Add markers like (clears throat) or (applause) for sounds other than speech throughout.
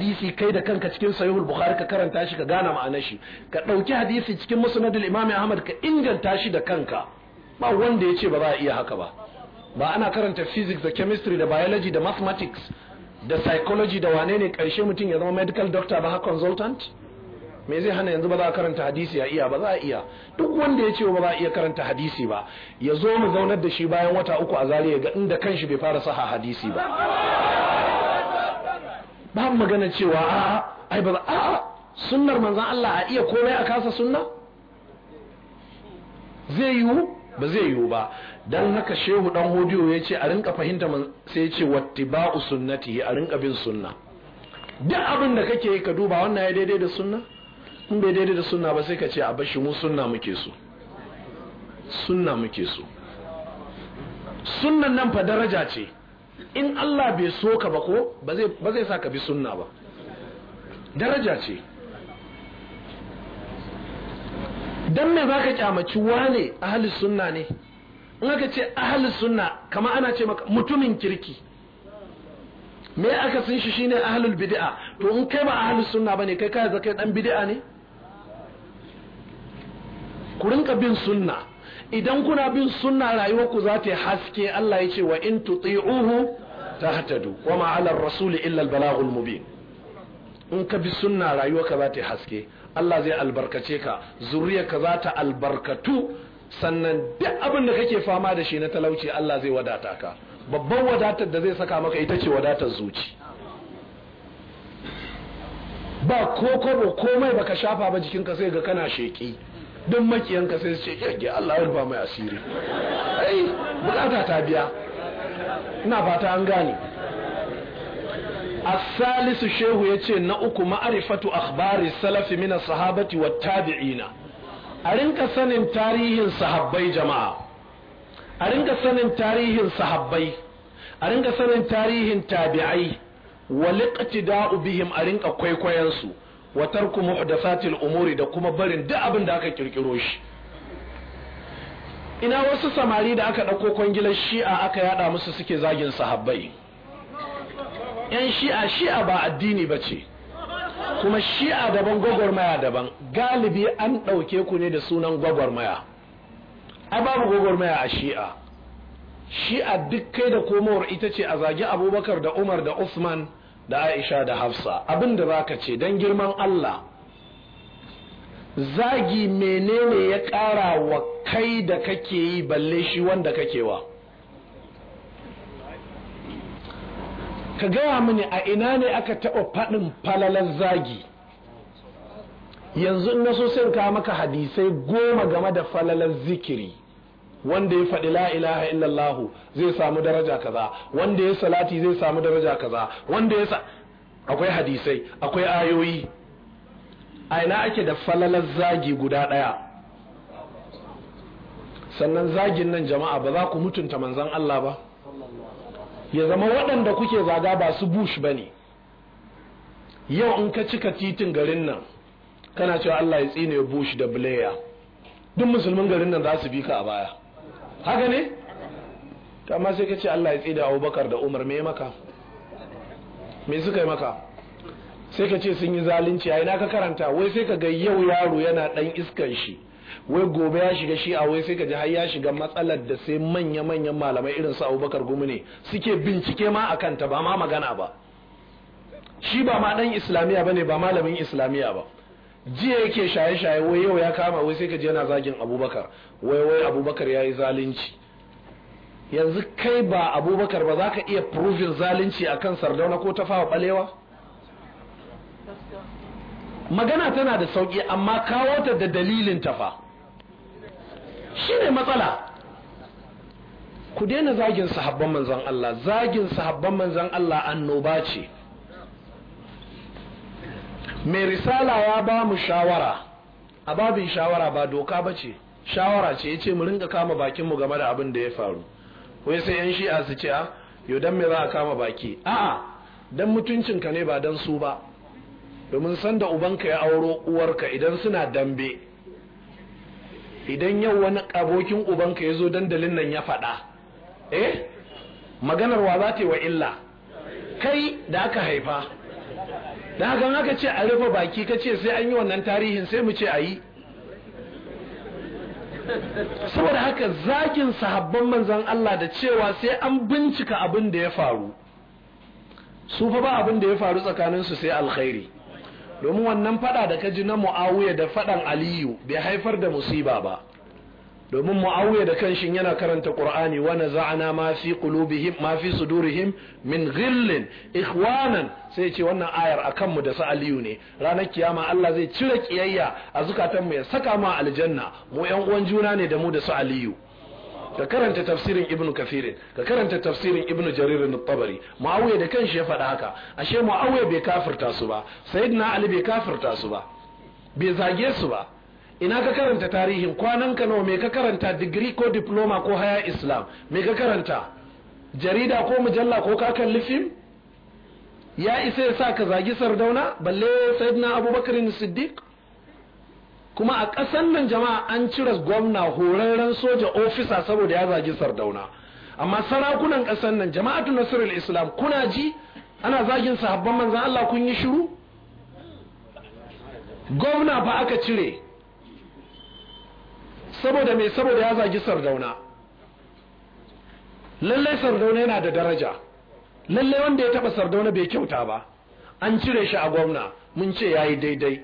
hadisi kai da kanka cikin sahihul bukhari ka karanta shi ka gane ma'anar shi ka ɗauki hadisi cikin musnadul Imami ahmad ka inganta shi da kanka ba wanda ya ce ba za a iya haka ba ba ana karanta physics da chemistry da biology da mathematics da psychology da wane ne karshe mutum ya zama medical doctor ba consultant me zai hana yanzu ba za a karanta hadisi ya iya ba za a iya duk wanda ya ce ba za a iya karanta hadisi ba ya zo mu zaunar da shi bayan wata uku a zariya ga inda kanshi bai fara saha hadisi ba babu magana cewa a'a ai ba a sunnar manzan Allah a iya komai a kasa sunna zai yiwu ba zai yiwu ba dan haka shehu dan hodiyo ya ce a rinka fahimta sai ya ce wattiba'u sunnati a rinka bin sunna duk abin da kake yi ka duba wannan ya daidai da sunna in bai daidai da sunna ba sai ka ce a bashi mu sunna muke so sunna muke so sunnan nan fa daraja ce in Allah bai so ka ba ko ba zai sa ka bi sunna ba daraja ce dan me zaka kyamaci wane ahli sunna ne in aka ce ahli sunna kama ana ce maka mutumin kirki me aka sun shi ne ahlul bidi'a? to in kai ba ahlus sunna bane kai kai zakai dan bidi'a ne ku rinka bin sunna idan kuna bin sunna rayuwar ku za ta haske Allah ya ce wa in tuti'uhu tahtadu wa ma 'ala ar-rasuli illa al-balaghul mubin in ka bi sunna rayuwar ka za ta haske Allah zai albarkace ka ka za ta albarkatu sannan duk abin da kake fama da shi na talauci Allah zai wadata ka babban wadatar da zai saka maka ita ce wadatar zuci ba ko kwabo komai baka shafa ba jikinka sai ga kana sheki duk makiyanka sai su ce kyakki Allah ya rufa mai asiri ai bukata ta biya ina fata an gane asalisu shehu ya ce na uku ma'arifatu akhbari salafi mina sahabati wa tabi'ina a rinka sanin tarihin sahabbai jama'a a rinka sanin tarihin sahabbai a rinka sanin tarihin tabi'ai wa liqtida'u bihim a rinka kwaikwayon su wa tarku muhdathatil umuri da kuma barin duk abin da aka kirkiro shi ina wasu samari da aka ɗauko kwangilar shi'a aka yada musu suke zagin sahabbai yan shi'a shi'a ba addini bace kuma shi'a daban gwagwarmaya daban galibi an ɗauke ku ne da sunan gwagwarmaya ai babu gwagwarmaya a shi'a shi'a duk kai da komawar ita ce a zagi abubakar da umar da usman da aisha da hafsa abin da ka ce don girman allah zagi menene ya ƙara wa kai da kake yi balle shi wanda kake wa ka gaya mini a ina ne aka taɓa faɗin falalar zagi yanzu in na so sai ka maka hadisai goma game da falalar zikiri wanda ya faɗi la ilaha illallah zai samu daraja kaza wanda ya salati zai samu daraja kaza wanda ya sa akwai hadisai akwai ayoyi a ina ake da falalar zagi guda ɗaya sannan zagin nan jama'a ba za ku mutunta manzan Allah ba ya zama waɗanda kuke zaga ba su bush ba ne yau in ka cika titin garin nan kana cewa Allah ya tsine bush da Blair duk musulmin garin nan za su bi ka a baya haka ne ta ma sai ka Allah ya tsida abubakar da umar me maka me suka yi maka sai ka sun yi zalunci a ina ka karanta wai sai ka ga yau yaro yana dan iskan shi wai gobe ya shiga shi a wai sai ka ji har ya shiga matsalar da sai manya-manyan malamai irin su abubakar gumi ne suke bincike ma a kanta ba ma magana ba shi ba ma dan islamiyya ba ne ba malamin islamiyya ba jiya yake shaye-shaye wai yau ya kama wai sai ka je yana zagin abubakar wai wai abubakar ya yi zalunci yanzu kai ba abubakar ba za ka iya provin zalunci a kan sardauna ko ta fawa balewa magana tana da sauƙi, amma kawo ta da dalilin tafa shi ne matsala ku daina zagin sahabban manzan Allah zagin sahabban manzan Allah annoba ce mai risala ya ba mu shawara a babin shawara ba doka ba ce shawara ce ya ce mu ringa kama bakinmu game da abin da ya faru wai sai yan shi'a su ce a ah, yau dan me za a kama baki a'a dan mutuncinka ne ba don su ba domin san da ubanka ya auro uwarka idan suna dambe idan yau wani abokin ubanka ya zo dandalin nan ya faɗa eh maganar wa za ta yi wa illa kai da aka haifa da haka ce a rufe baki ka ce sai an yi wannan tarihin sai mu ce a yi saboda haka zakin sahabban manzan Allah da cewa sai an bincika abin da ya faru su fa ba abin da ya faru tsakaninsu sai alkhairi domin wannan fada da ka ji na mu'awuya da fadan aliyu bai haifar da musiba ba domin mu'awiya da kanshin yana karanta qur'ani wa naza'na ma fi qulubihim ma fi sudurihim min ghillin ikhwanan sai ce wannan ayar akan mu da su aliyu ne ranar kiyama Allah zai cire kiyayya a zukatan mu ya saka mu aljanna mu yan uwan juna ne da mu da su aliyu ka karanta tafsirin ibnu kathir ka karanta tafsirin ibnu jarir al tabari muawiya da kanshi ya faɗa haka ashe muawiya bai kafirta su ba sayyidina ali bai kafirta su ba bai zage su ba ina ka karanta tarihin kwanan ka nawa mai ka karanta digiri ko diploma ko haya islam mai ka karanta jarida ko mujalla ko ka kalli fim ya isa ya sa ka zagi sardauna balle sayyidina abubakar siddiq kuma a ƙasan nan jama'a an cire gwamna horarren soja ofisa saboda ya zagi sardauna amma sarakunan ƙasan nan jama'atu nasirul islam kuna ji ana zagin sahabban manzan Allah kun yi shiru gwamna ba aka cire saboda mai saboda ya zagi sardauna lallai sardauna yana da daraja lallai wanda ya taba sardauna bai kyauta ba an cire shi a gwamna mun ce ya yi daidai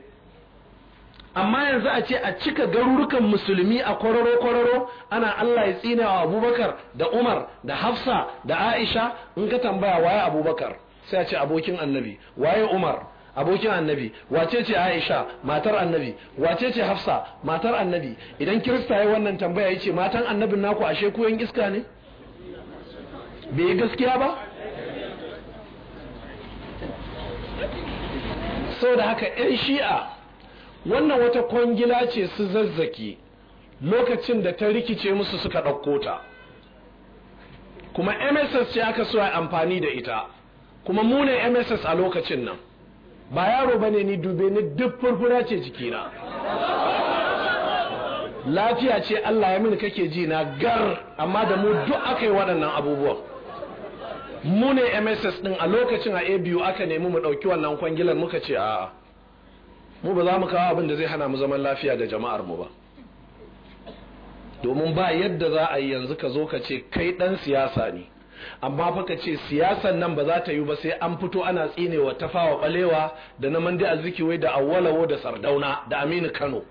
amma yanzu a ce a cika garurukan musulmi a kwararo-kwararo ana Allah ya tsina wa abubakar da umar da hafsa da aisha in ka tambaya waye abubakar sai a ce abokin annabi waye umar abokin annabi wace ce aisha matar annabi wace ce hafsa matar annabi idan kirista ya wannan tambaya ya ce matan annabin naku ashe koyon iska ne bai yi gaskiya ba sau da haka 'yan shi'a wannan wata kwangila ce su zazzaki lokacin da ta rikice musu suka ɗauko ta kuma mss ce aka so a amfani da ita kuma munin mss a lokacin nan ba yaro ba ne ni dube ni duk furfura ce jikina lafiya ce Allah ya mini kake ji na gar amma da mu duk aka yi waɗannan abubuwan mu ne mss ɗin a lokacin a abu aka nemi mu ɗauki wannan kwangilan muka ce a mu ba za mu kawo abin da zai hana mu zaman lafiya da jama'ar mu ba domin ba yadda za a yi yanzu ka zo ka ce kai ɗan siyasa ne amma fa ce siyasan nan ba za ta yi ba sai an fito ana tsinewa tafawa balewa da na mandi wai da awwalawo da sardauna da aminu kano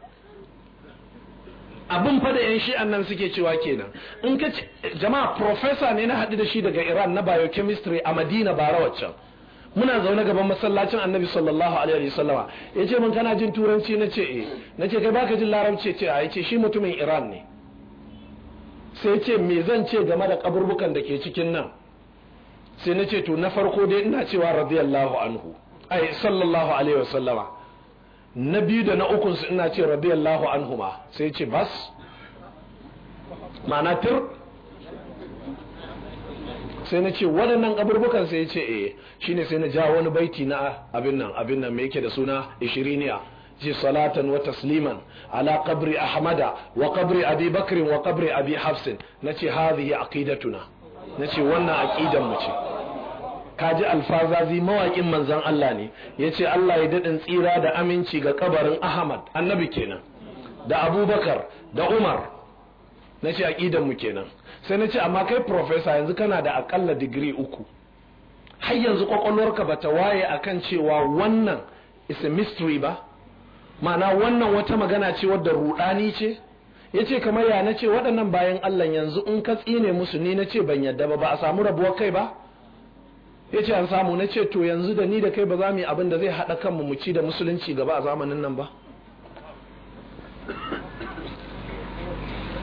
abin fa da 'yan shi'an nan suke cewa kenan in ka ce jama'a profesa ne na haɗu da shi daga iran na biochemistry a madina bara waccan muna zaune gaban masallacin annabi sallallahu alaihi wasallama ya ce mun kana jin turanci na ce eh na ce kai baka jin larabci ce a ya ce shi mutumin iran ne sai ce me zan ce game da kaburbukan da ke cikin nan sai na ce to na farko dai ina cewa radiyallahu anhu ai sallallahu alaihi wasallama na biyu da na ukun su ina ce radiyallahu anhu ma sai ce bas ma'ana tir sai na ce waɗannan kaburbukan sai ce eh shine sai na ja wani baiti na abin nan abin nan me yake da suna ishiriniya ji salatan wa tasliman ala qabri ahmada wa qabri abi bakrin wa qabri abi ya nace hadhihi aqidatuna nace wannan aqidan mu ce kaji alfazazi mawaƙin manzan Allah ne yace Allah ya daɗin tsira da aminci ga kabarin Ahmad annabi kenan da Abubakar da Umar nace aqidan mu kenan sai nace amma kai professor yanzu kana da akalla digiri uku har yanzu kwakwalwarka ta waye akan cewa wannan is a mystery ba ma'ana wannan wata magana ce wadda rudani ce ya ce kamar ya na ce waɗannan bayan Allah yanzu in ka tsine musu ni na ce ban yadda ba ba a samu rabuwar kai ba ya ce an samu na ce to yanzu da ni da kai ba za mu yi abin da zai haɗa kanmu mu ci da musulunci gaba a zamanin nan ba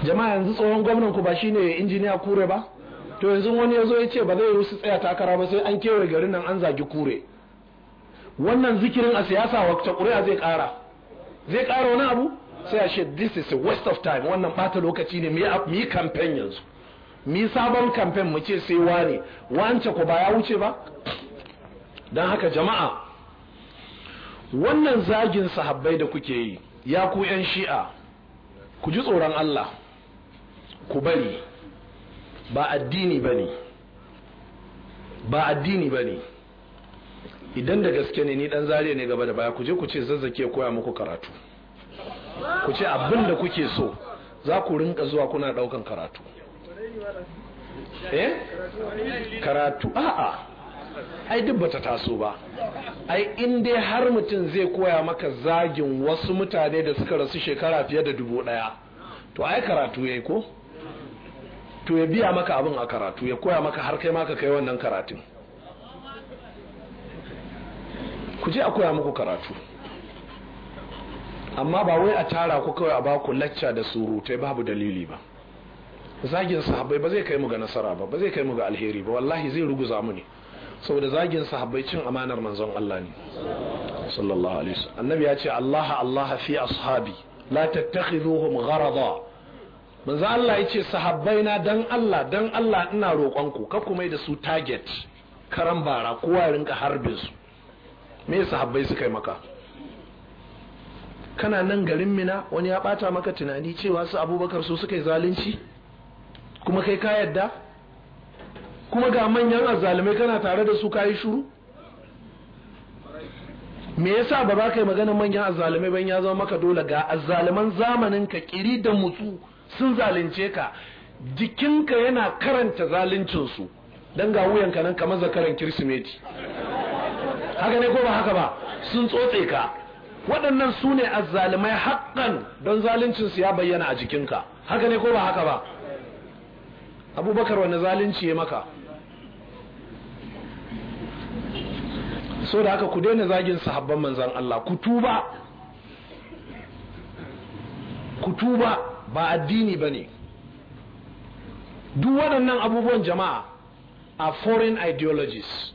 jama'a yanzu tsohon gwamnan ku ba shine injiniya kure ba to yanzu wani ya zo ya ce ba zai rusu tsaya takara ba sai an kewaye garin nan an zagi kure wannan zikirin a siyasa wata ƙuri'a zai ƙara zai ƙara wani abu sai a ce this is a waste of time wannan bata lokaci ne mu yi kamfen yanzu mu sabon kamfen mu ce sai wane wance ku ba ya wuce ba don haka jama'a wannan zagin sahabbai da kuke yi ya ku 'yan shi'a ku ji tsoron Allah ku bari ba addini ba ba addini ba ne idan da gaske ne ni dan zare ne gaba da baya ku je ku ce zazzake koya muku karatu ku ce abin da kuke so za ku rinka zuwa kuna daukan karatu eh karatu a'a ai duk bata taso ba ai in dai har mutum zai koya maka zagin wasu mutane da suka rasu shekara fiye da dubu daya to ai karatu yayi ko to ya biya maka abin a karatu ya koya maka har kai ma ka kai wannan karatun ku je a koya muku karatu amma ba wai a tara ku kawai a baku lacca da surutai babu dalili ba zagin sahabbai ba zai kai mu ga nasara ba ba zai kai mu ga alheri ba wallahi zai ruguza mu ne saboda zagin sahabbai cin amanar manzon Allah ne sallallahu alaihi wasallam annabi ya ce Allah Allah fi ashabi la tattakhiduhum gharada manzo Allah yace sahabbai na dan Allah dan Allah ina roƙon ku ka kuma da su target karan bara kowa rinka harbin su me Habbai suka yi maka kana nan garin mina wani ya bata maka tunani cewa su abubakar su suka yi zalunci kuma kai ka yadda kuma ga manyan azzalumai kana tare da su kayi shuru me yasa ba za ka yi maganin manyan azzalumai ban ya zama maka dole ga azzaluman zamanin ka kiri da mutu sun zalunce ka jikinka yana karanta zaluncinsu don ga wuyanka nan kamar zakaran kirsimeti haka ne ko ba haka ba sun tsotse ka waɗannan su ne azzalumai haƙƙan don zaluncinsu ya bayyana a jikinka haka ne ko ba haka ba abubakar wani zalunci ya maka so da haka ku daina zagin sahabban manzan Allah ku tuba ku tuba ba addini ba ne duk waɗannan abubuwan jama'a a foreign ideologies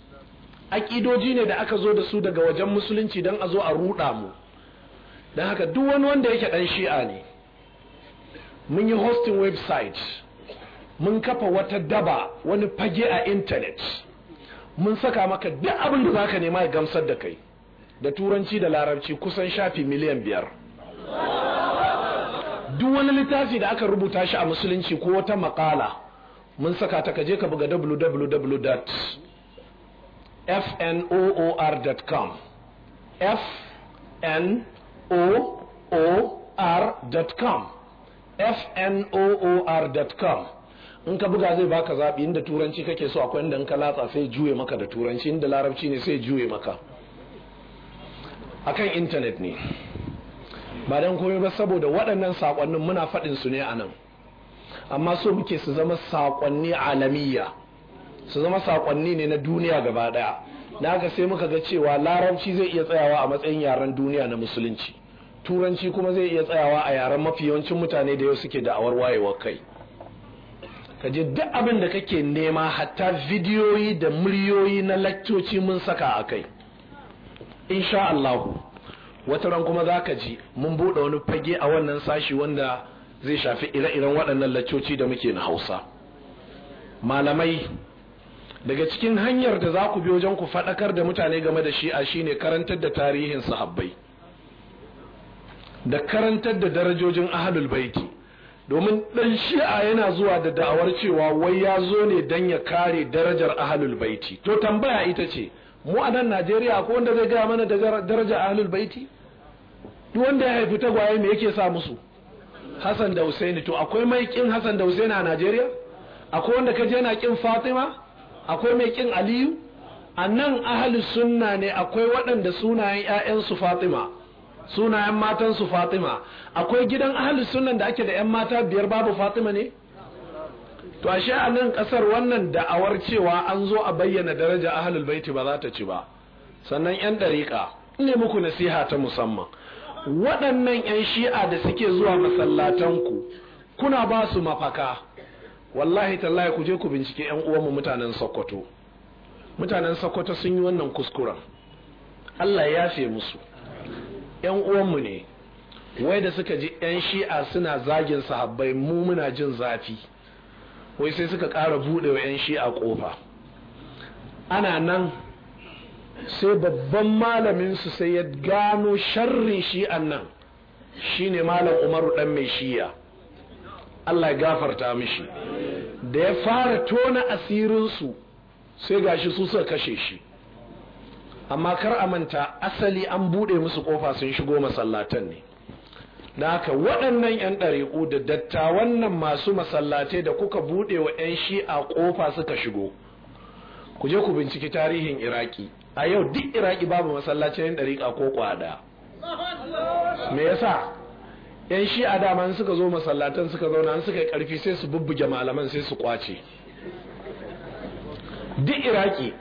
aƙidoji ne da aka zo da su daga wajen musulunci don a zo a ruɗa mu don haka duk wani wanda yake ɗan shi'a ne mun yi hosting website mun kafa wata daba wani fage a intanet mun saka maka duk abin da za ka nema ya gamsar da kai da turanci da larabci kusan shafi miliyan biyar duk wani littafi da aka rubuta shi a musulunci ko wata maƙala mun saka ta kaje ka buga www fnoor.com fnoor.com fnoor.com in ka buga zai baka zaɓi inda turanci kake so akwai inda ka latsa sai juye maka da turanci inda larabci ne sai juye maka akan intanet ne ba don komai ba saboda waɗannan saƙonnin muna faɗin su ne a nan amma so muke su zama saƙonni alamiyya su zama saƙonni ne na duniya gaba ɗaya na ga sai muka ga cewa larabci zai iya tsayawa a matsayin yaren duniya na musulunci turanci kuma zai iya tsayawa a yaren mafi yawancin mutane da yau suke da awar wayewar kai ka ji duk abin da kake nema hatta bidiyoyi da muryoyi na lakcoci mun saka a kai insha Allahu wata ran kuma za ka ji mun buɗe wani fage a wannan sashi wanda zai shafi ire-iren waɗannan laccoci da muke na hausa malamai daga cikin hanyar da za ku bi wajen ku faɗakar da mutane game da shi'a shine karantar da tarihin sahabbai da karantar da darajojin ahalul baiti domin dan shi'a yana zuwa da da'awar cewa wai ya zo ne dan ya kare darajar ahalul baiti to tambaya ita ce mu a nan najeriya ko wanda zai gaya mana darajar ahalul baiti duk wanda ya haifi tagwaye me yake sa musu hassan da husaini to akwai mai kin hassan da husaini a najeriya akwai wanda ka je na kin fatima akwai mai kin aliyu a nan ahalin sunna ne akwai waɗanda sunayen 'ya'yansu fatima sunayen matansu fatima akwai gidan ahalin sunnan da ake da 'yan mata biyar babu fatima ne to ashe a nan ƙasar wannan da'awar cewa an zo a bayyana daraja ahalul baiti ba za ta ci ba sannan 'yan ɗariƙa ne muku nasiha ta musamman waɗannan 'yan shi'a da suke zuwa ku kuna ba su mafaka wallahi tallahi ku je ku bincike yan uwanmu mutanen sokoto mutanen sokoto sun yi wannan kuskuren allah ya fe musu yan uwanmu ne wai da suka ji yan shi'a suna zagin sahabbai mu muna jin zafi wai sai suka ƙara buɗewa yan shi'a ƙofa ana nan sai babban malaminsu sai ya gano sharrin shi'an nan shine malam umaru ɗan mai shi'a Allah ya gafarta mishi da ya fara tona asirinsu sai gashi su suka kashe shi amma kar a manta asali an buɗe musu ƙofa sun shigo masallatan ne da haka waɗannan 'yan ɗariƙu da dattawan nan masu masallatai da kuka buɗe wa 'yan a ƙofa suka shigo ku je ku binciki tarihin iraki a yau duk iraki babu masallacin 'yan ɗariƙa ko kwada me yasa yan shi a dama suka zo masallatan suka zauna suka karfi sai su bubbuge malaman sai su kwace duk iraki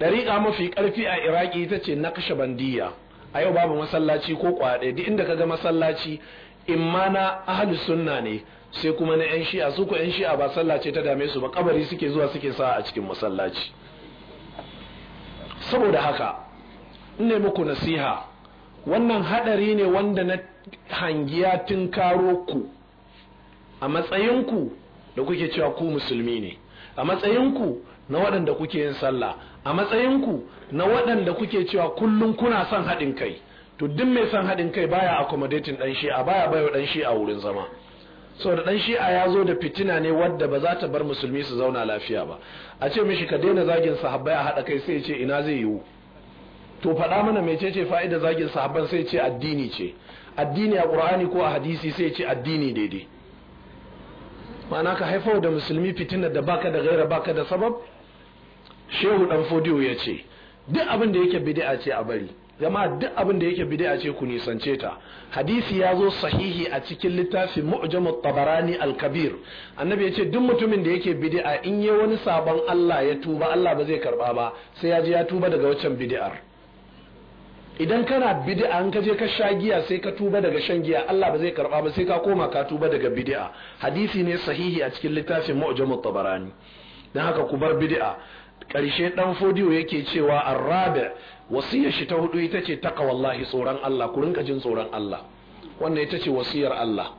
dariƙa mafi karfi a iraki ita ce na kashe bandiya a yau babu masallaci ko kwaɗe duk inda kaga masallaci imma na ahli sunna ne sai kuma na yan shi'a su ko yan shi'a ba sallace ta dame su ba kabari suke zuwa suke sa a cikin masallaci saboda haka in ne muku nasiha wannan hadari ne wanda na hangiya tun karo ku a matsayinku da kuke cewa ku musulmi ne a matsayinku na waɗanda kuke yin sallah a matsayinku na waɗanda kuke cewa kullum kuna son haɗin kai to duk mai son haɗin kai baya accommodating ɗan shi'a baya baiwa ɗan shi'a wurin zama da ɗan shi'a ya zo da fitina ne wadda ba za ta bar musulmi su zauna lafiya ba a ce mishi ka daina zagin sahabbai a haɗa kai sai ya ce ina zai yiwu to faɗa mana mecece fa'ida zagin sahabban sai ce addini ce addini a ƙur'ani ko a hadisi sai ce addini daidai ma'ana ka haifar da musulmi fitina da baka da gaira baka da sabab shehu dan fodiyo ya ce duk abin da yake bid'a ce a bari gama duk abin da yake bid'a ce ku nisance ta hadisi ya zo sahihi a cikin littafin mu'jamut tabarani al-kabir annabi ya ce duk mutumin da yake bid'a in yi wani sabon Allah ya tuba Allah ba zai karba ba sai ya ji ya tuba daga waccan bid'ar idan kana bid'a an ka je ka sha giya sai ka tuba daga shan giya Allah ba zai karba ba sai ka koma ka tuba daga bidi'a. hadisi ne sahihi a cikin littafin mu'jamu tabarani dan haka ku bar bid'a karshe dan fodiyo yake cewa arrabi wasiyar shi ta hudu ita ce taqwallahi tsoron Allah ku rinka jin tsoron Allah wannan ita ce wasiyar Allah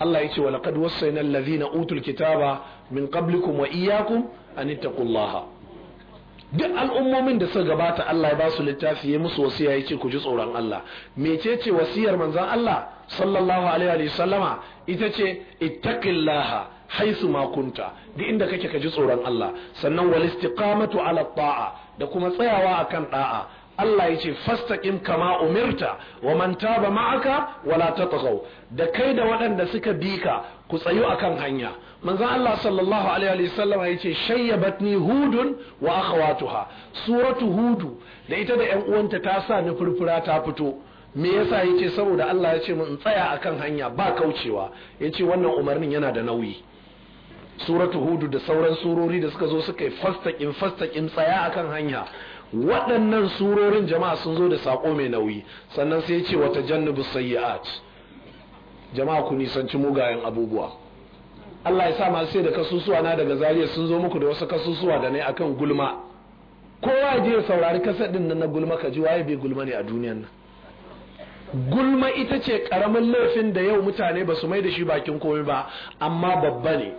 Allah yace walaqad wasaina allazina utul kitaba min qablikum wa iyyakum an ittaqullaha duk al'ummomin da suka gabata Allah ya ba su littafi ya musu wasiya ya ce ku ji tsoron Allah mecece wasiyar manzon Allah sallallahu alaihi wa sallama ita ce ittaqillaha haisu ma kunta duk inda kake ka ji tsoron Allah sannan wal istiqamatu ala ta'a da kuma tsayawa akan da'a Allah ya ce fastaqim kama umirta wa man taba ma'aka wala tatghaw da kai da waɗanda suka bi ka ku tsayu akan hanya manzon Allah sallallahu alaihi wa sallam ya ce shayyabatni hudun wa akhawatuha suratu hudu da ita da ƴan uwanta ta sa ni furfura ta fito me yasa ya ce saboda Allah ya ce mun tsaya akan hanya ba kaucewa ya ce wannan umarnin yana da nauyi suratu hudu da sauran surori da suka zo suka yi fastaƙin fastaƙin tsaya akan hanya waɗannan surorin jama'a sun zo da saƙo mai nauyi sannan sai ce wata jannubu sayyi'at jama'a ku nisanci mugayen abubuwa Allah ya sa masu sai da kasusuwa na daga zariya sun zo muku da wasu kasusuwa da ne akan gulma kowa je ya saurari kasa ɗin na gulma ka ji waye bai gulma ne a duniyan nan gulma ita ce karamin laifin da yau mutane ba su mai da shi bakin komai ba amma babba ne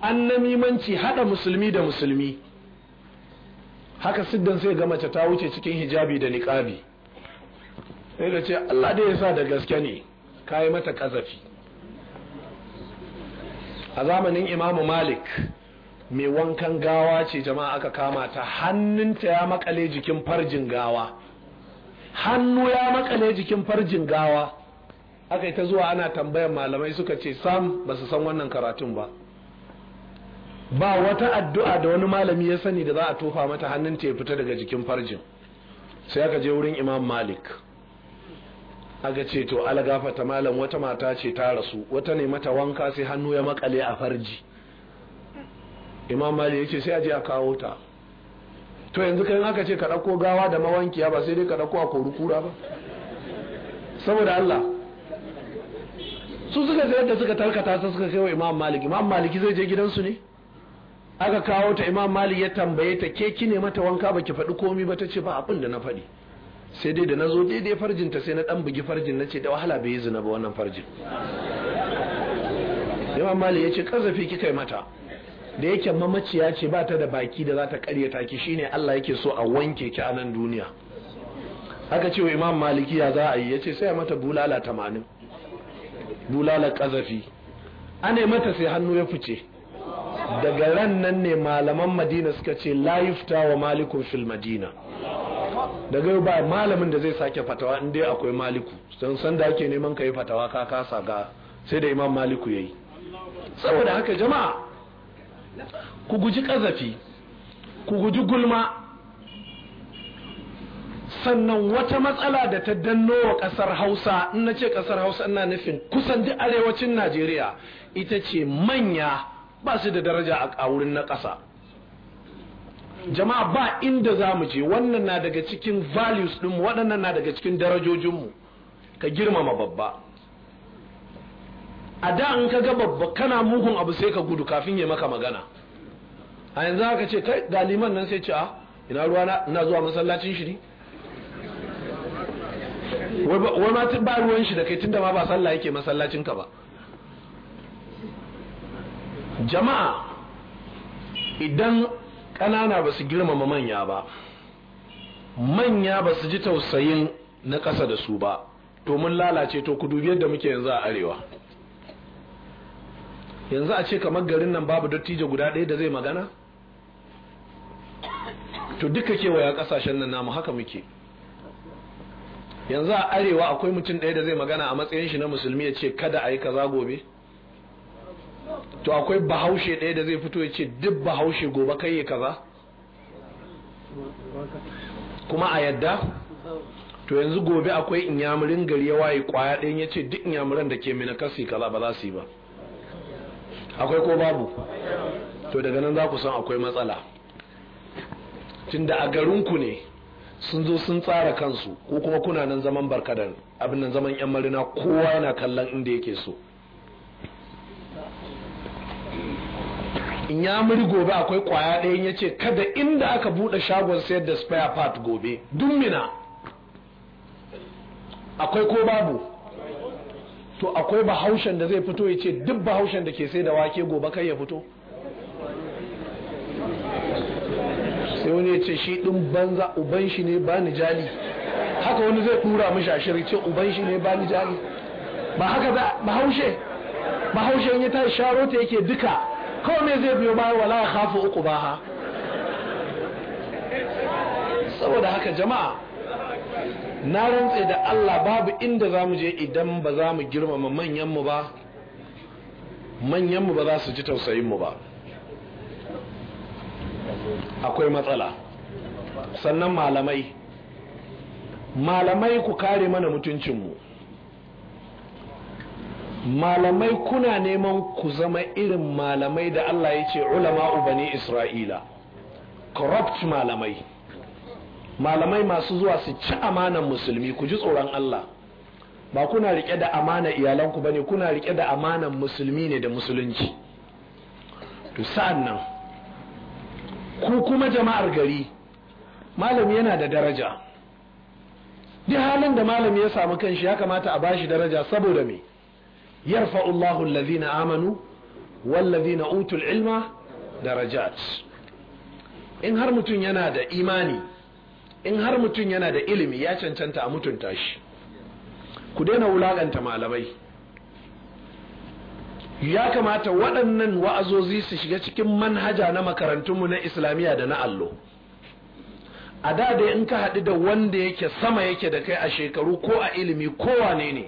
an namimanci haɗa musulmi da musulmi haka siddan sai ga mace ta wuce cikin hijabi da niqabi sai ga ce Allah da yasa da gaske ne kai mata kazafi a zamanin imamu Malik mai wankan gawa ce jama'a aka kama ta hannunta ya makale jikin farjin gawa hannu ya makale jikin farjin gawa aka yi ta zuwa ana tambayan malamai suka ce sam ba su san wannan karatun ba ba wata addu'a da wani malami ya sani da za a tofa mata hannun ta ya fita daga jikin farjin sai aka je wurin imam malik aka ce to ta malam wata mata ce ta rasu wata ne mata wanka sai hannu ya makale a farji imam malik ya ce sai a je a kawo ta to yanzu kayan aka ce ka ɗauko gawa da mawankiya ba sai dai ka ɗauko a kori kura ba saboda Allah su suka sayar da suka tarkata su suka kai wa imam maliki imam maliki zai je gidansu ne aka kawo ta imam malik ya tambaye ta ke ki ne mata wanka baki faɗi komi ba ta ce ba abin da na faɗi sai dai da na zo daidai farjinta sai na ɗan bugi farjin na ce da wahala bai yi zina ba wannan farjin imam malik ya ce ƙazafi kika mata da yake mamaciya ce ba ta da baki da za ta ta ki shine Allah yake so a wanke ki a nan duniya haka cewa imam maliki ya za a yi ya ce sai mata bulala tamanin bulala ƙazafi ana mata sai hannu ya fice daga ran nan ne malaman madina suka ce la wa malikun fil madina daga yau ba malamin da zai sake fatawa inda dai akwai maliku don san da ake neman ka yi fatawa ka kasa ga sai da imam maliku ya yi saboda haka jama'a ku guji kazafi ku guji gulma sannan wata matsala da ta danno wa kasar hausa in na ce kasar hausa ina nufin kusan duk arewacin najeriya ita ce manya ba su da daraja a wurin na ƙasa jama'a ba inda za mu je wannan na daga cikin values ɗinmu waɗannan na daga cikin darajojinmu ka girmama babba a da in ka ga babba kana muhun abu sai ka gudu kafin ya maka magana a yanzu haka ce kai ga nan sai ce a ah, ina ruwa na zuwa masallacin shi ne wai ma ba ruwan shi da kai tunda ma ba sallah yake masallacin ka ba jama'a idan ƙanana ba su girmama manya ba manya ba su ji tausayin na ƙasa da su ba to mun lalace to ku dubi yadda muke yanzu a arewa yanzu a ce kamar garin nan babu dattijo guda ɗaya da zai magana to duka kewaya ƙasashen nan namu haka muke yanzu a arewa akwai mutum ɗaya da zai magana a matsayin shi na musulmi ya ce kada a yi kaza gobe to akwai bahaushe ɗaya da zai fito ya ce duk bahaushe gobe kai ya kaza kuma a yadda to yanzu gobe akwai inyamurin gari ya waye kwaya ɗin ya ce duk inyamuran da ke mina kasi kaza ba za su yi ba akwai ko babu to daga nan za ku san akwai matsala tunda a garinku ne sun zo sun tsara kansu ko kuma kuna nan zaman barkadar abin nan zaman yan marina kowa yana kallon inda yake so ya muri gobe akwai kwaya ɗayan ya ce kada inda aka buɗe shagon sayar da spare part gobe dummina akwai ko babu to akwai bahaushen da zai fito ya ce duk bahaushen da ke sai da wake gobe kai ya fito sai wani ya ce shi ɗin banza uban shi ne ba ni jali haka wani zai kura mishi a shirya ce uban shi ne ba ni jali ba haka ba bahaushe bahaushe in ya ta sharo ta yake duka kome zai biyo baya wala ya kafu uku baha saboda haka jama'a na rantse da Allah babu inda za mu je idan ba za mu girmama manyanmu ba manyanmu ba za su ji tausayinmu ba akwai matsala sannan malamai malamai ku kare mana mutuncinmu malamai kuna neman ku zama irin malamai da Allah ya ce ulama'u bani isra'ila corrupt malamai malamai masu zuwa su ci amanan musulmi ku ji tsoron Allah ba kuna rike da amana iyalanku bane kuna rike da amanan musulmi ne da musulunci to sa'an nan ku kuma jama'ar gari malami yana da daraja duk halin da malami ya samu kanshi ya kamata a bashi daraja saboda me yarfa'u Allahu allazina amanu wallazina utul ilma darajat in har mutum yana da imani in har mutum yana da ilimi ya cancanta a mutunta shi ku daina wulaƙanta malamai ya kamata waɗannan wa'azozi su shiga cikin manhaja na makarantunmu na islamiyya da na allo a da dai in ka haɗu da wanda yake sama yake da kai a shekaru ko a ilimi kowane ne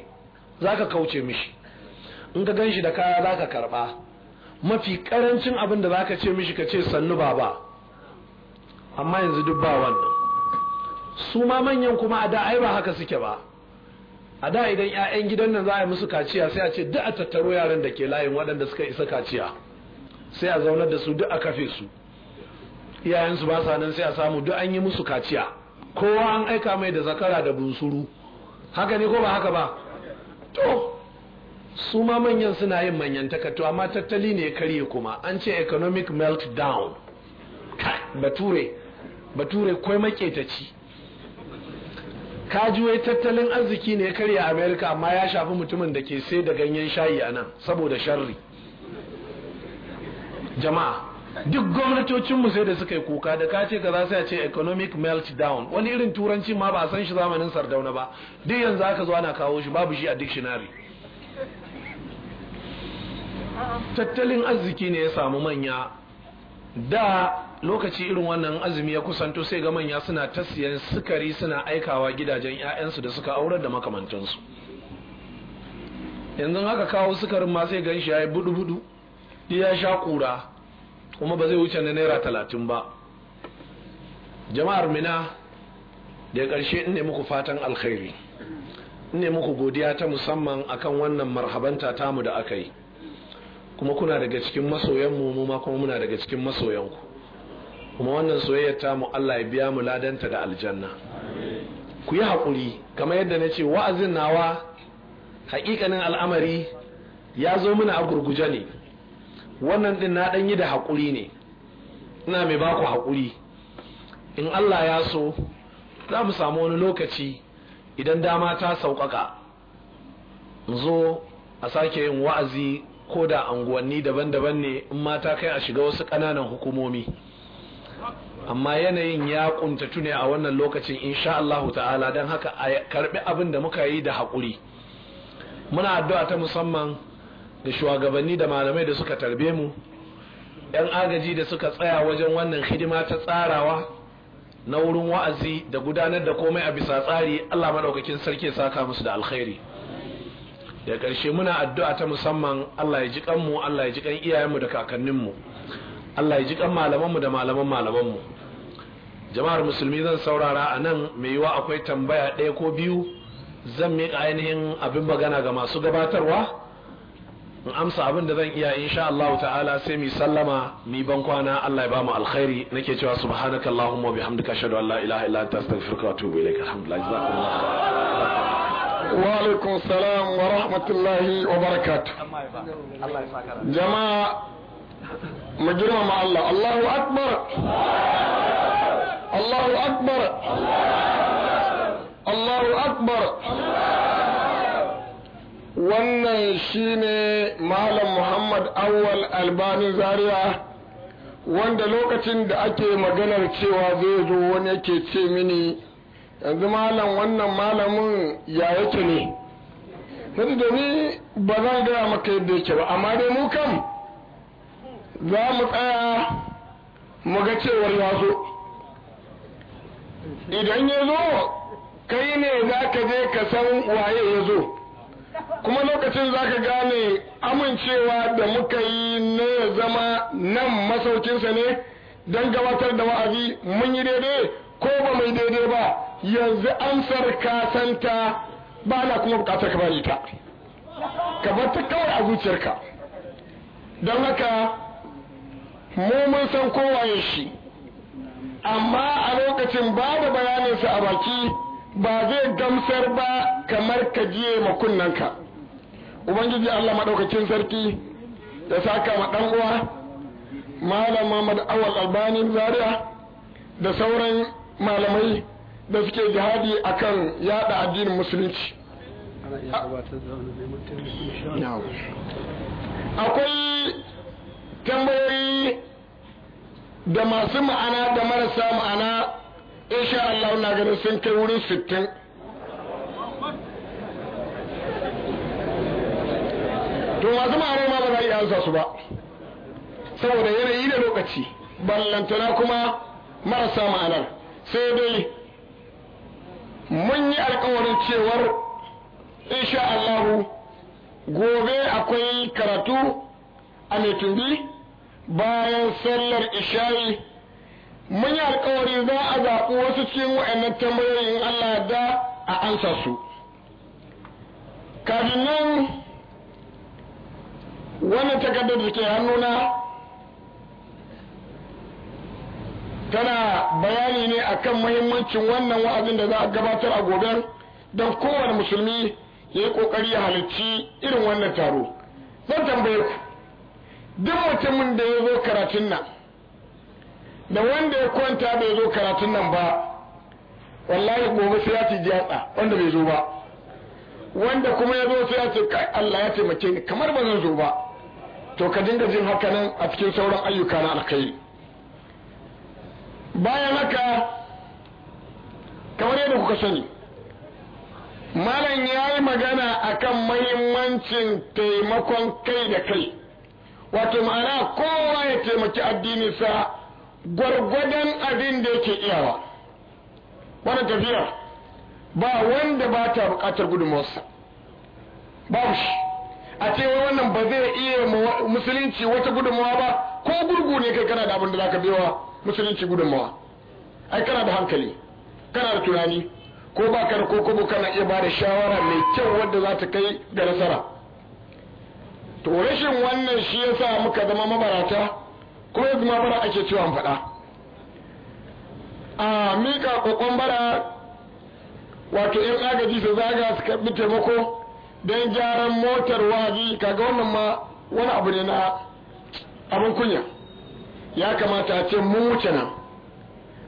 za ka kauce mishi in ka gan shi da kaya za ka karɓa mafi ƙarancin abin da za ka ce mishi ka ce sannu ba ba amma yanzu duk ba wannan su ma manyan kuma a da ai ba haka suke ba a da idan 'ya'yan gidan nan za a yi musu kaciya sai a ce duk a tattaro yaran da ke layin waɗanda suka isa kaciya sai a zaunar da su duk a kafe su iyayensu ba sa nan sai a samu duk an yi musu kaciya kowa an aika mai da zakara da bunsuru haka ne ko ba haka ba to su ma manyan suna yin manyan takatu amma tattali ne karye kuma an ce economic meltdown bature bature kwai maketaci kajuwai tattalin arziki ne ya karya america amma ya shafi mutumin da ke sai da ganyen shayi a nan saboda sharri jama'a duk gwamnatocinmu sai da suka yi kuka da ka ce za su ya ce economic meltdown wani irin turanci ma ba a san shi zamanin sardauna ba duk yanzu aka zuwa na kawo shi babu shi a dictionary tattalin arziki ne ya samu manya da lokaci irin wannan azumi ya kusanto sai ga manya suna ta siyan sukari suna aikawa gidajen 'ya'yansu da suka aurar da makamantansu yanzu haka kawo sukarin ma sai gan ya yi budu-budu ya sha kura kuma ba zai wuce na naira talatin ba jama'ar mina da ya ƙarshe in ne muku fatan alkhairi ne muku godiya ta musamman akan wannan marhabanta tamu da aka yi kuma kuna daga cikin masoyan mu ma kuma muna daga cikin masoyanku. kuma wannan soyayya ta mu Allah ya biya mu ladanta da aljanna ku yi haƙuri kamar yadda na ce wa'azin nawa haƙiƙanin al'amari ya zo mana a gurguje ne wannan ɗin na ɗan da hakuri ne ina mai baku haƙuri in Allah ya so za mu samu wani lokaci idan dama ta sauƙaƙa zo a sake yin wa'azi ko da anguwanni daban-daban ne in mata kai a shiga wasu ƙananan hukumomi amma yanayin ya ƙuntatu ne a wannan lokacin insha Allah ta'ala don haka a karbi abin da muka yi da haƙuri muna addu'a ta musamman da shugabanni da malamai da suka tarbe mu yan agaji da suka tsaya wajen wannan hidima ta tsarawa na wurin wa'azi da gudanar da komai a bisa tsari Allah madaukakin sarki saka musu da alkhairi da ƙarshe muna addu'a ta musamman Allah ya ji kanmu Allah ya ji kan iyayenmu da kakanninmu Allah ya ji kan malamanmu da malaman malamanmu jama'ar musulmi zan saurara a nan mai yiwa akwai tambaya ɗaya ko biyu zan miƙa ainihin abin magana ga masu gabatarwa in amsa abin da zan iya insha Allah ta'ala sai mu sallama mi ban kwana Allah ya mu alkhairi nake cewa subhanakallahumma wa bihamdika ashhadu an la ilaha illa anta astaghfiruka wa atubu ilaik alhamdulillah khairan وعليكم salam wa الله wa barakatu. Jama'a mu الله Allah. Allahu Akbar! Allahu Akbar! Allahu Wannan shine Malam Muhammad Awal, Albani Zaria wanda lokacin da ake maganar cewa zai zo wani yake ce mini yanzu malam wannan malamin ya yake ne nadi da ni ba zan gaya maka yadda yake ba amma dai mu kan za mu tsaya mu ga cewar ya zo idan ya zo kai ne za ka je ka san waye ya zo kuma lokacin za ka gane amincewa da muka yi na zama nan masaukinsa ne don gabatar da wa'azi mun yi daidai ko ba mai daidai ba yanzu amsar ka santa ba na kuma bukatar ka bani ta ka bar ta kawai a zuciyarka don haka mu mun san kowaye shi amma a lokacin ba da bayaninsa a baki ba zai gamsar ba kamar ka jiye ka. ubangiji allah maɗaukacin sarki ya saka ma ɗan uwa malam muhammad awal albani zaria da sauran malamai da suke jihadi kan yada addinin musulunci akwai tambayoyi da masu ma'ana da marasa ma'ana insha Allah na ganin sun kai wurin sittin. to masu ma'ana ma ba za a iya su ba saboda yanayi da lokaci ballantana kuma marasa ma'anar sai dai mun yi alkawarin cewar insha Allahu gobe akwai karatu a metumbi bayan sallar isha'i mun yi alkawari za a zaɓi wasu cikin wa'annan tambayoyin Allah da a ansa su kafin nan wannan takardar da ke hannuna tana bayani akan mahimmancin wannan wa'azin da za a gabatar a gobe don kowane musulmi ya yi kokari ya halarci irin wannan taro zan tambaye ku duk mutumin da ya zo karatun nan da wanda ya kwanta bai zo karatun nan ba wallahi gobe sai ya ci jiyatsa wanda bai zo ba wanda kuma ya zo sai ya ce kai Allah ya taimake ni kamar ba zan zo ba to ka dinga jin haka nan a cikin sauran ayyuka na alkhairi bayan haka kamar yadda kuka sani malam ya yi magana a kan mahimmancin taimakon kai da kai wato ma'ana kowa ya taimaki addininsa gwargwadon abin da yake iyawa wani tafiya ba wanda ba ta bukatar gudunmawarsa ba shi a cewa wannan ba zai iya musulunci wata gudunmawa ba ko gurgu ne kai kana da abin da zaka biyawa musulunci gudunmawa ai kana da hankali kana tunani ko ba ka ko kuma kana iya ba da shawara mai kyau wadda za ta kai ga nasara to rashin wannan shi ya sa muka zama mabarata ko yanzu bara ake cewa faɗa a mika kokon bara wato yan agaji su zaga su karɓi taimako don gyaran motar waji kaga wannan ma wani abu ne na abun kunya ya kamata a ce mu wuce nan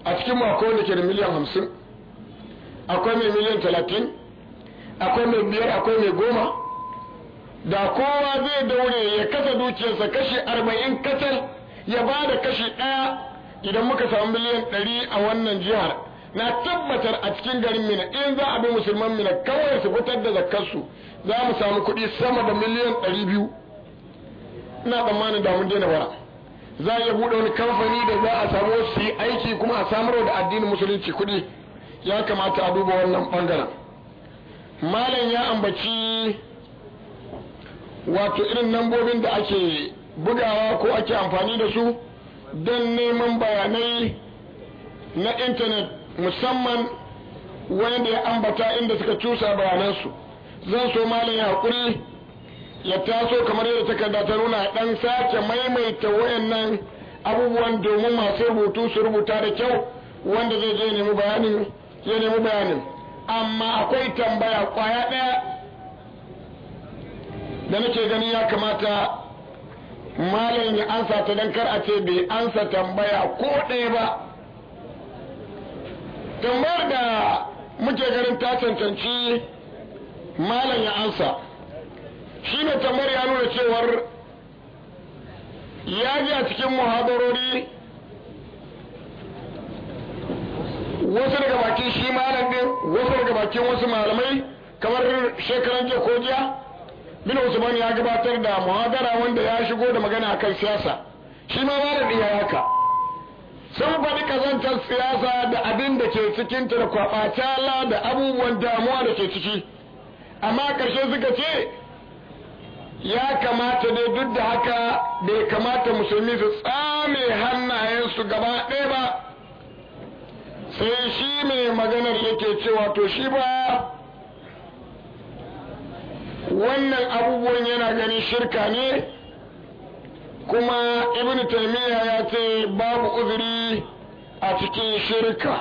a cikin mako da ke da miliyan hamsin akwai mai miliyan talatin akwai mai biyar akwai mai goma da kowa zai daure ya kasa dukiyarsa kashi arba'in kasar ya ba da kashi ɗaya idan muka samu miliyan ɗari a wannan jihar na tabbatar a cikin garin mina in za a bi musulman mina kawai su fitar da zakarsu za mu samu kuɗi sama da miliyan ɗari biyu ina tsammanin da mun daina bara za a iya buɗe wani kamfani da za a samu su yi aiki kuma a samarwa da addinin musulunci kuɗi ya kamata a duba wannan bangaren malam ya ambaci wato irin lambobin da ake bugawa ko ake amfani da su don neman bayanai na intanet musamman wanda ya ambata inda suka cusa bayanansu zan so malam ya haƙuri ya taso kamar yadda takarda ta nuna ɗan sake maimaita wayannan abubuwan domin masu rubutu su rubuta da kyau wanda zai je nemi bayanin ya nemi bayanin amma akwai tambaya kwaya ɗaya da nake gani ya kamata malam ya ansa ta don kar a ce bai ansa tambaya ko ɗaya ba tambayar da muke ganin ta cancanci malam ya ansa shi ne tambayar ya nuna cewar ya ji a cikin muhadarori wasu daga bakin shi malam ne wasu daga bakin wasu malamai kamar shekaran jiya ko jiya bin usman ya gabatar da muhadara wanda ya shigo da magana akan siyasa shi ma malam da ya haka sun faɗi kazantar siyasa da abin da ke cikin ta da kwaɓatala da abubuwan damuwa da ke ciki amma ƙarshe suka ce ya kamata ne duk da haka bai kamata musulmi su tsame hannayensu gaba ɗaya ba sai eh, shi mai maganar yake cewa to shi ba wannan abubuwan yana gani shirka ne kuma ibn taimiyya ya ce babu uzuri a cikin shirka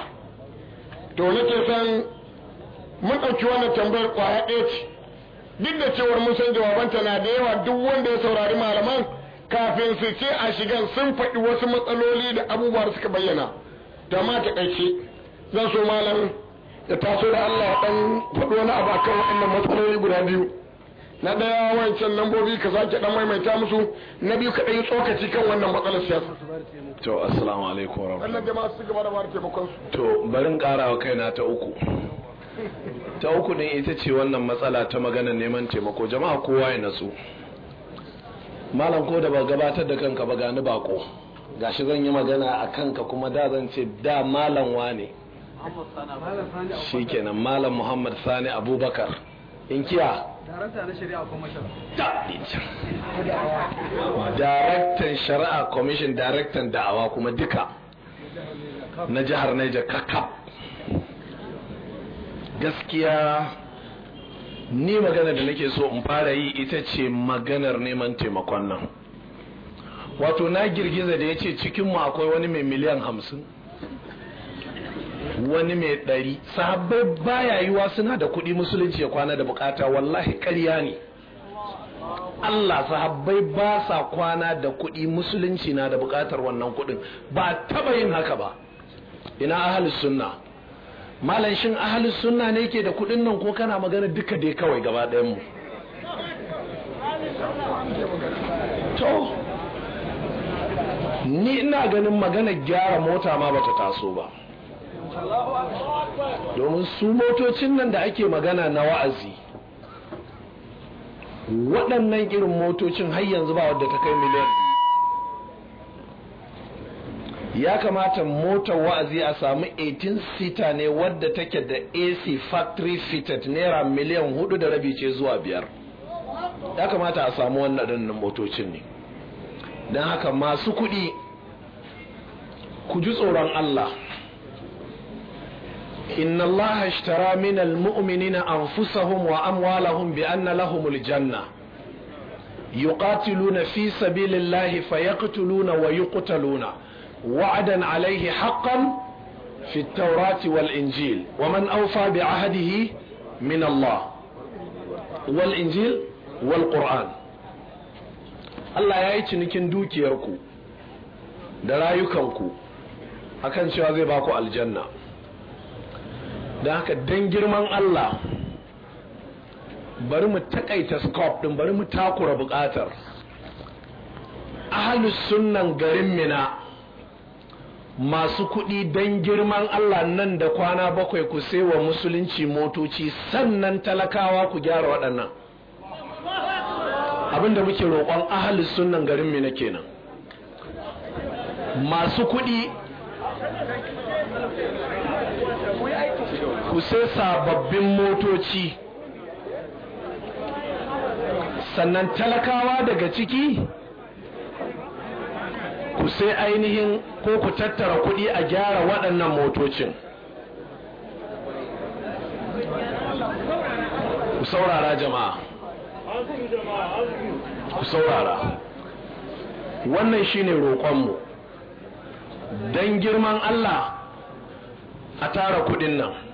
to nake san mun ɗauki wannan tambayar kwaya ɗaya ce duk da cewar mun san jawabanta na da yawa duk wanda ya saurari malaman kafin su ce a shigan sun faɗi wasu matsaloli da abubuwa suka bayyana da ma ta taƙaice zan so malam ya taso da Allah dan faɗo na abu akan matsaloli guda biyu na ɗaya wancan lambobi ka sake dan maimaita musu na biyu ka dai tsokaci kan wannan matsalar siyasa to assalamu alaikum wa rahmatullahi jama'a su gaba da ba to barin ƙarawa kaina ta uku ta uku ne ita ce wannan matsala ta magana neman taimako jama'a kowa ya natsu malam ko da ba gabatar da kanka ba gani bako gashi zan yi magana a kanka kuma da zan ce da malam wane ne shi kenan malam muhammad sani abubakar inkiya daraktan shari'a commission daraktan da'awa kuma duka na jihar naija kaka gaskiya ni maganar da nake so in fara yi ita ce maganar neman taimakon nan wato na girgiza da ya ce cikinmu akwai wani mai miliyan hamsin wani mai ɗari sahabbai baya yiwa suna da kuɗi musulunci ya kwana da bukata wallahi karya ne Allah sahabbai ba sa kwana da kuɗi musulunci na da buƙatar wannan kuɗin ba taɓa yin haka ba ina ahalus sunna malam shin ahalus sunna ne ke da kuɗin nan ko kana magana duka dai kawai gaba ɗayan mu to ni ina ganin magana gyara mota ma bata taso ba domin su motocin nan da ake magana na wa'azi waɗannan irin motocin har yanzu ba wadda ta kai miliyan ya kamata motar wa'azi a samu 18 sita ne wadda take da ac factory fitted naira miliyan hudu da rabi ce zuwa biyar ya kamata a samu wannan motocin ne don haka masu kuɗi ku ji tsoron allah إن الله اشترى من المؤمنين أنفسهم وأموالهم بأن لهم الجنة يقاتلون في سبيل الله فيقتلون ويقتلون وعدا عليه حقا في التوراة والإنجيل ومن أوفى بعهده من الله والإنجيل والقرآن الله ya كندو كيركو dukiyarku da rayukanku akan cewa الجنة da haka don girman Allah bari mu takaita scope din bari mu takura bukatar ahalus sunnan garin mina masu kuɗi don girman Allah nan da kwana bakwai ku wa musulunci motoci sannan talakawa ku gyara waɗannan abinda muke roƙon ahalus sunnan garin mina kenan masu kuɗi ku sai sababbin motoci sannan talakawa daga ciki ku sai ainihin ko ku tattara kuɗi a gyara waɗannan motocin ku saurara jama'a ku saurara wannan shine roƙonmu don girman Allah a tara kuɗin nan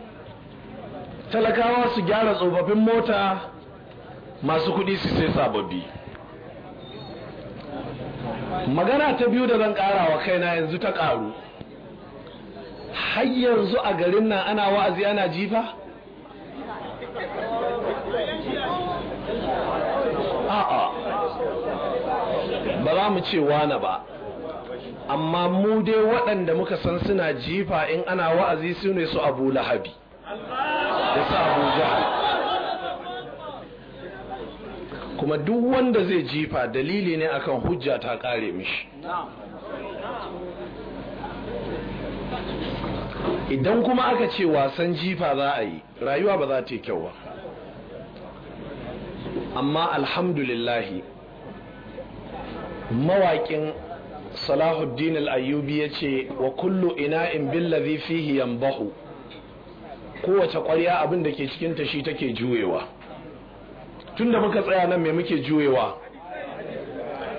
talakawa su gyara tsofaffin mota masu kudi su sai sababbi magana ta biyu da zan kara kaina yanzu ta karu har yanzu a garin nan ana wa'azi ana jifa a'a ba za mu ce wane ba amma mu dai waɗanda muka san suna jifa in ana wa'azi su ne su abu lahabi kuma duk wanda zai jifa dalili ne akan hujja ta kare mishi idan kuma aka ce wasan jifa za a yi rayuwa ba za ta yi kyau ba amma alhamdulillahi mawaƙin salahuddin al'ayyubi ya ce wa kullu ina in billazi fihi yambahu kowace ƙwarya abin da ke cikinta shi take juyewa tun da muka tsaya nan mai muke juyewa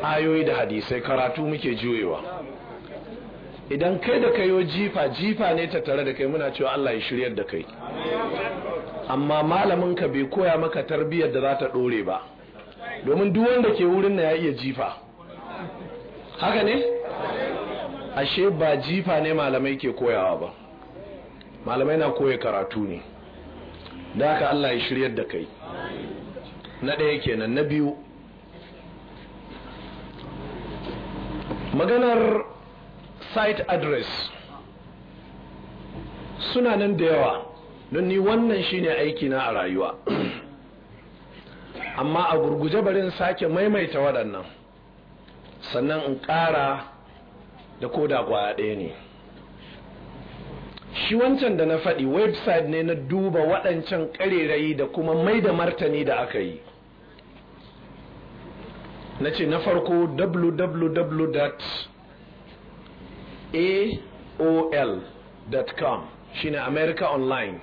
ayoyi da hadisai karatu muke juyewa idan kai da kayo jifa jifa ne ta tare da kai muna cewa Allah ya shiryar da kai amma malamin ka bai koya maka tarbiyyar da za ta dore ba domin duk wanda ke wurin na ya iya jifa haka ne ashe ba jifa ne malamai ke koyawa ba malamai na koya karatu ne da haka Allah ya shiryar da kai na ɗaya kenan na biyu maganar site address suna nan da yawa don ni wannan shine aiki na a rayuwa (clears throat) amma a gurguje barin sake maimaita waɗannan sannan in ƙara da koda kwaya ɗaya ne shi wancan da na faɗi website ne na duba waɗancan ƙarerayi da kuma mai da martani da aka yi na ce na farko www.aol.com shine america online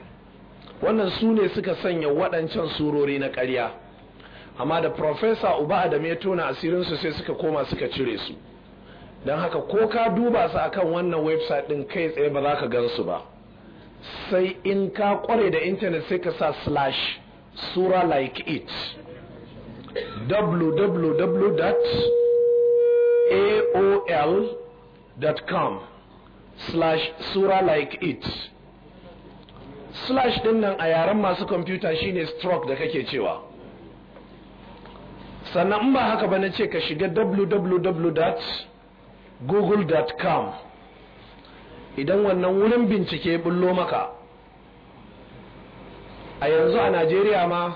wannan su ne suka sanya waɗancan surori na ƙarya amma da profesa uba adam ya tona asirinsu sai suka koma suka cire su don haka ko ka duba su akan wannan website din kai tsaye ba za ka gan su ba sai in ka kware da intanet sai ka sa slash sura like it www.aol.com slash sura like it slash din nan a yaren masu kwamfuta shine stroke da kake cewa sannan ba haka ba na ce ka shiga www.aol.com google.com idan wannan wurin bincike bullo maka a yanzu a najeriya ma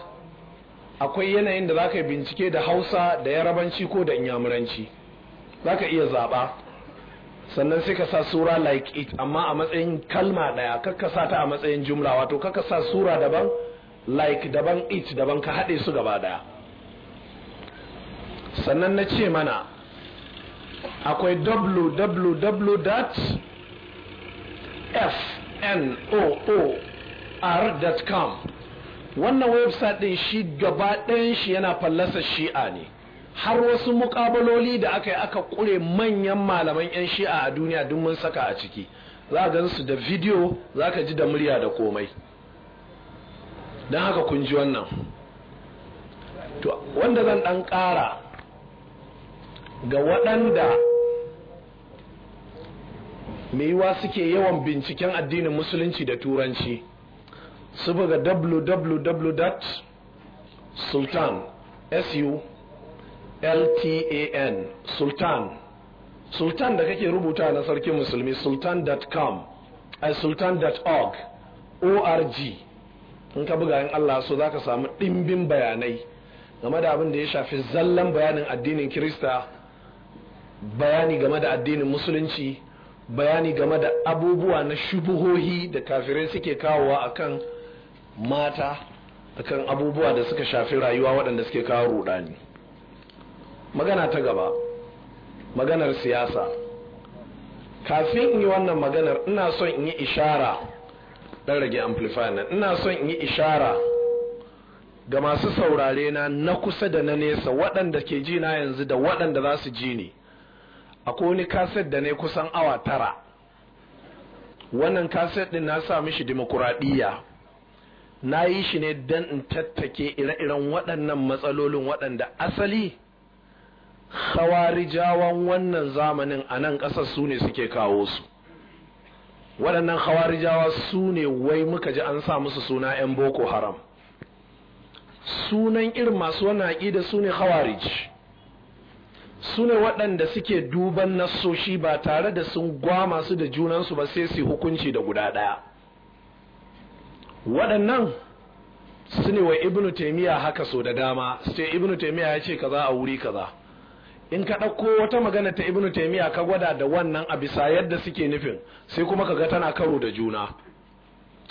akwai yanayin da za ka bincike da hausa da yarabanci ko da inyamuranci za ka iya zaɓa sannan sai ka sa sura like it amma a matsayin kalma ɗaya kakka sa ta a matsayin jumla wato kakka sa sura daban like daban it daban ka haɗe su gaba ɗaya sannan na ce mana akwai www.fnoor.com wannan website din shi gaba ɗayan shi yana fallasa shi'a ne har wasu mukabaloli da aka yi aka kure manyan malaman 'yan shi'a a duniya duk mun saka a ciki za gan su da video za ka ji da murya da komai don haka kun ji wannan wanda zan ɗan ƙara ga waɗanda mai yiwa suke yawan binciken addinin musulunci da turanci su buga www.sultan sultan sultan da kake rubuta na sarki musulmi sultan.com a sultan.org org in ka buga in allah so za ka samu ɗimbin bayanai game da abin da ya shafi zallan bayanin addinin kirista bayani game da addinin musulunci bayani game da abubuwa na shubuhohi da kafirai suke kawowa akan mata kan abubuwa da suka shafi rayuwa waɗanda suke kawo rudani magana ta gaba maganar siyasa kafin in yi wannan maganar ina son in yi ishara ɗan rage amplifier nan ina son in yi ishara ga masu saurare na na kusa da na nesa waɗanda ke ji na yanzu da waɗanda za su ji ni akwai wani kaset da ne kusan awa tara wannan kaset din na sa mishi dimokuraɗiyya na yi shi ne don in tattake ire-iren waɗannan matsalolin waɗanda asali hawarijawan wannan zamanin a nan ƙasar su ne suke kawo su waɗannan hawarijawa su ne wai muka ji an sa musu suna 'yan boko haram sunan irin masu wannan aƙida su ne hawarij su ne waɗanda suke duban nassoshi ba tare da sun gwama su da junansu ba sai su hukunci da guda ɗaya waɗannan su ne wa ibnu taimiyya haka so da dama sai ibnu taimiyya ya ce kaza a wuri kaza in ka ɗauko wata magana ta ibnu taimiyya ka gwada da wannan a bisa yadda suke nufin sai kuma ka ga tana karo da juna